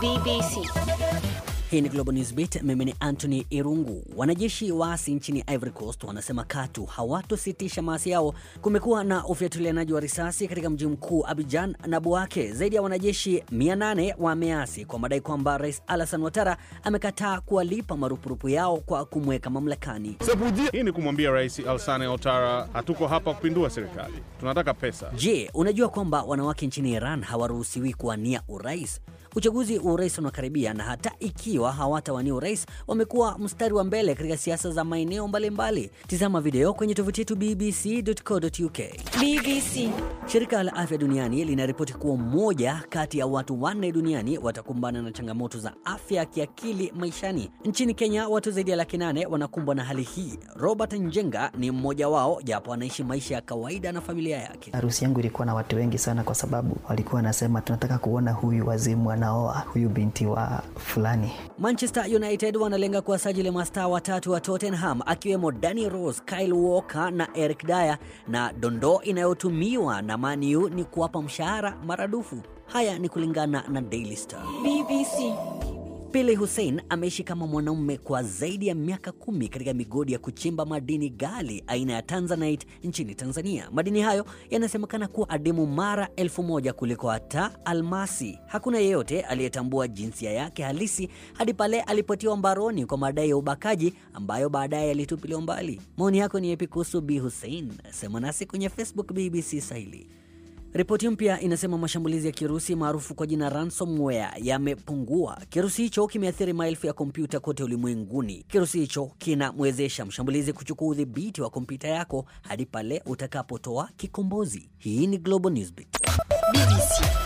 BBC. Hii ni Global News Beat, mimi ni Anthony Irungu. Wanajeshi waasi nchini Ivory Coast wanasema katu hawatositisha maasi yao. Kumekuwa na ufyatulianaji wa risasi katika mji mkuu Abidjan na Bouake. Zaidi ya wanajeshi 800 wameasi kwa madai kwamba Rais Alassane Ouattara amekataa kuwalipa marupurupu yao kwa kumweka mamlakani. Hii ni kumwambia Rais Alassane Ouattara, hatuko hapa kupindua serikali, tunataka pesa. Je, unajua kwamba wanawake nchini Iran hawaruhusiwi kuwania urais? Uchaguzi wa urais unakaribia na hata ikiwa hawatawania urais, wamekuwa mstari wa mbele katika siasa za maeneo mbalimbali. Tizama video kwenye tovuti yetu bbc.co.uk. BBC. Shirika la Afya Duniani linaripoti kuwa mmoja kati ya watu wanne duniani watakumbana na changamoto za afya ya kiakili maishani. Nchini Kenya, watu zaidi ya laki nane wanakumbwa na hali hii. Robert Njenga ni mmoja wao, japo anaishi maisha ya kawaida na familia yake. Harusi yangu ilikuwa na watu wengi sana, kwa sababu walikuwa wanasema tunataka kuona huyu wazimu ana anaoa huyu binti wa fulani. Manchester United wanalenga kuwasajili mastaa watatu wa Tottenham akiwemo Danny Rose, Kyle Walker na Eric Dyer, na dondoo inayotumiwa na maniu ni kuwapa mshahara maradufu. Haya ni kulingana na Daily Star. BBC Pili Hussein ameishi kama mwanaume kwa zaidi ya miaka kumi katika migodi ya kuchimba madini gali aina ya Tanzanite nchini Tanzania. Madini hayo yanasemekana kuwa adimu mara elfu moja kuliko hata almasi. Hakuna yeyote aliyetambua jinsia yake halisi hadi pale alipotiwa mbaroni kwa madai ya ubakaji ambayo baadaye yalitupiliwa mbali. Maoni yako ni yapi kuhusu Bi Hussein? Sema nasi kwenye Facebook BBC Swahili. Ripoti mpya inasema mashambulizi ya kirusi maarufu kwa jina ransomware yamepungua. Kirusi hicho kimeathiri maelfu ya kompyuta kote ulimwenguni. Kirusi hicho kinamwezesha mshambulizi kuchukua udhibiti wa kompyuta yako hadi pale utakapotoa kikombozi. Hii ni Global Newsbeat BBC.